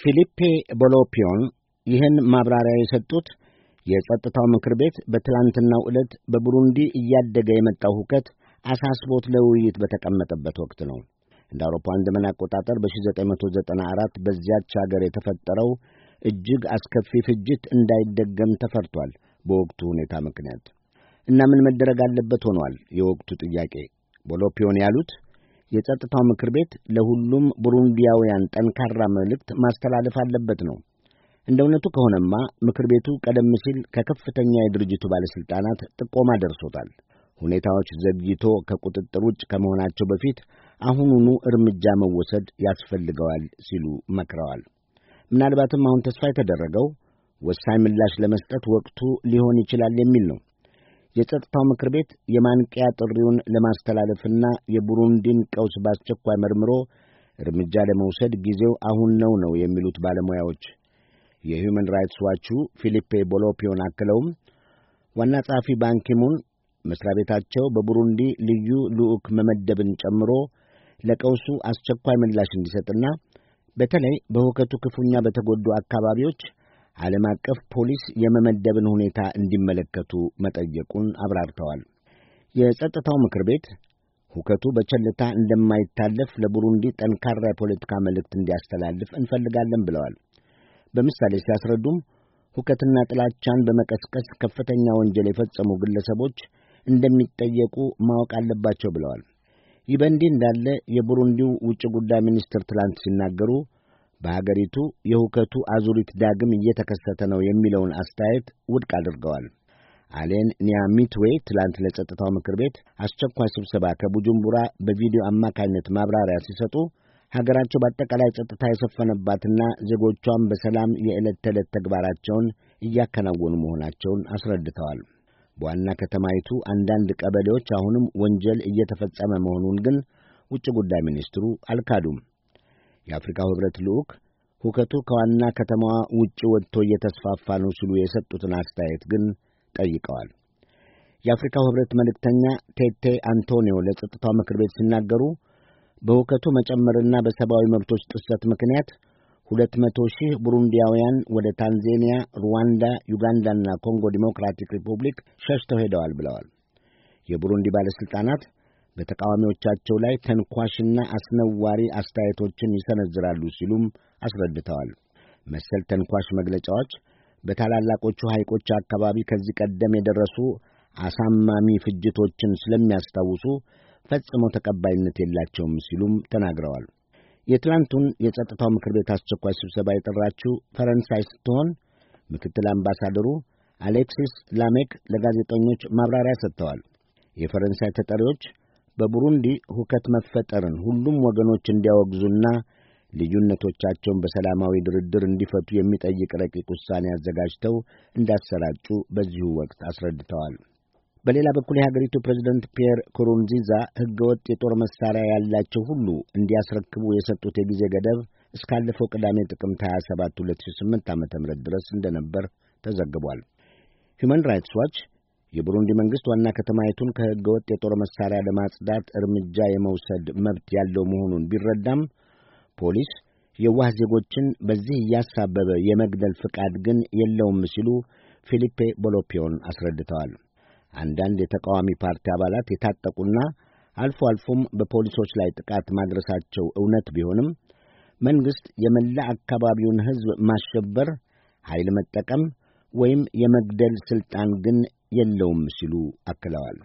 ፊሊፔ ቦሎፒዮን ይህን ማብራሪያ የሰጡት የጸጥታው ምክር ቤት በትላንትናው ዕለት በቡሩንዲ እያደገ የመጣው ሁከት አሳስቦት ለውይይት በተቀመጠበት ወቅት ነው። እንደ አውሮፓውያን ዘመን አቆጣጠር በ1994 በዚያች አገር የተፈጠረው እጅግ አስከፊ ፍጅት እንዳይደገም ተፈርቷል። በወቅቱ ሁኔታ ምክንያት እና ምን መደረግ አለበት ሆኗል የወቅቱ ጥያቄ። ቦሎፒዮን ያሉት የጸጥታው ምክር ቤት ለሁሉም ቡሩንዲያውያን ጠንካራ መልእክት ማስተላለፍ አለበት ነው። እንደ እውነቱ ከሆነማ ምክር ቤቱ ቀደም ሲል ከከፍተኛ የድርጅቱ ባለሥልጣናት ጥቆማ ደርሶታል። ሁኔታዎች ዘግይቶ ከቁጥጥር ውጭ ከመሆናቸው በፊት አሁኑኑ እርምጃ መወሰድ ያስፈልገዋል ሲሉ መክረዋል። ምናልባትም አሁን ተስፋ የተደረገው ወሳኝ ምላሽ ለመስጠት ወቅቱ ሊሆን ይችላል የሚል ነው። የጸጥታው ምክር ቤት የማንቂያ ጥሪውን ለማስተላለፍና የቡሩንዲን ቀውስ በአስቸኳይ መርምሮ እርምጃ ለመውሰድ ጊዜው አሁን ነው ነው የሚሉት ባለሙያዎች። የሁመን ራይትስ ዋቹ ፊሊፔ ቦሎፒዮን አክለውም ዋና ጸሐፊ ባንኪሙን መሥሪያ ቤታቸው በቡሩንዲ ልዩ ልዑክ መመደብን ጨምሮ ለቀውሱ አስቸኳይ ምላሽ እንዲሰጥና በተለይ በሁከቱ ክፉኛ በተጎዱ አካባቢዎች ዓለም አቀፍ ፖሊስ የመመደብን ሁኔታ እንዲመለከቱ መጠየቁን አብራርተዋል። የጸጥታው ምክር ቤት ሁከቱ በቸልታ እንደማይታለፍ ለቡሩንዲ ጠንካራ የፖለቲካ መልእክት እንዲያስተላልፍ እንፈልጋለን ብለዋል። በምሳሌ ሲያስረዱም ሁከትና ጥላቻን በመቀስቀስ ከፍተኛ ወንጀል የፈጸሙ ግለሰቦች እንደሚጠየቁ ማወቅ አለባቸው ብለዋል። ይህ በእንዲህ እንዳለ የቡሩንዲው ውጭ ጉዳይ ሚኒስትር ትላንት ሲናገሩ በአገሪቱ የሁከቱ አዙሪት ዳግም እየተከሰተ ነው የሚለውን አስተያየት ውድቅ አድርገዋል። አሌን ኒያሚትዌ ትላንት ለጸጥታው ምክር ቤት አስቸኳይ ስብሰባ ከቡጁምቡራ በቪዲዮ አማካኝነት ማብራሪያ ሲሰጡ ሀገራቸው በአጠቃላይ ጸጥታ የሰፈነባትና ዜጎቿም በሰላም የዕለት ተዕለት ተግባራቸውን እያከናወኑ መሆናቸውን አስረድተዋል። በዋና ከተማይቱ አንዳንድ ቀበሌዎች አሁንም ወንጀል እየተፈጸመ መሆኑን ግን ውጭ ጉዳይ ሚኒስትሩ አልካዱም። የአፍሪካው ኅብረት ልዑክ ሁከቱ ከዋና ከተማዋ ውጭ ወጥቶ እየተስፋፋ ነው ሲሉ የሰጡትን አስተያየት ግን ጠይቀዋል። የአፍሪካው ኅብረት መልእክተኛ ቴቴ አንቶኒዮ ለጸጥታው ምክር ቤት ሲናገሩ በሁከቱ መጨመርና በሰብአዊ መብቶች ጥሰት ምክንያት ሁለት መቶ ሺህ ቡሩንዲያውያን ወደ ታንዜኒያ፣ ሩዋንዳ፣ ዩጋንዳና ኮንጎ ዲሞክራቲክ ሪፑብሊክ ሸሽተው ሄደዋል ብለዋል። የቡሩንዲ ባለሥልጣናት በተቃዋሚዎቻቸው ላይ ተንኳሽና አስነዋሪ አስተያየቶችን ይሰነዝራሉ ሲሉም አስረድተዋል። መሰል ተንኳሽ መግለጫዎች በታላላቆቹ ሐይቆች አካባቢ ከዚህ ቀደም የደረሱ አሳማሚ ፍጅቶችን ስለሚያስታውሱ ፈጽሞ ተቀባይነት የላቸውም ሲሉም ተናግረዋል። የትላንቱን የጸጥታው ምክር ቤት አስቸኳይ ስብሰባ የጠራችው ፈረንሳይ ስትሆን ምክትል አምባሳደሩ አሌክሲስ ላሜክ ለጋዜጠኞች ማብራሪያ ሰጥተዋል። የፈረንሳይ ተጠሪዎች በቡሩንዲ ሁከት መፈጠርን ሁሉም ወገኖች እንዲያወግዙና ልዩነቶቻቸውን በሰላማዊ ድርድር እንዲፈቱ የሚጠይቅ ረቂቅ ውሳኔ አዘጋጅተው እንዳሰራጩ በዚሁ ወቅት አስረድተዋል። በሌላ በኩል የሀገሪቱ ፕሬዚደንት ፒየር ኩሩንዚዛ ወጥ የጦር መሳሪያ ያላቸው ሁሉ እንዲያስረክቡ የሰጡት የጊዜ ገደብ እስካለፈው ቅዳሜ ጥቅምት 27 2008 ዓ ም ድረስ እንደነበር ተዘግቧል። ሁማን ራይትስ ዋች የቡሩንዲ መንግሥት ዋና ከተማይቱን ከሕገ ወጥ የጦር መሣሪያ ለማጽዳት እርምጃ የመውሰድ መብት ያለው መሆኑን ቢረዳም ፖሊስ የዋህ ዜጎችን በዚህ እያሳበበ የመግደል ፍቃድ ግን የለውም ሲሉ ፊሊፔ ቦሎፒዮን አስረድተዋል። አንዳንድ የተቃዋሚ ፓርቲ አባላት የታጠቁና አልፎ አልፎም በፖሊሶች ላይ ጥቃት ማድረሳቸው እውነት ቢሆንም መንግሥት የመላ አካባቢውን ሕዝብ ማሸበር፣ ኃይል መጠቀም ወይም የመግደል ሥልጣን ግን የለውም ሲሉ አክለዋል።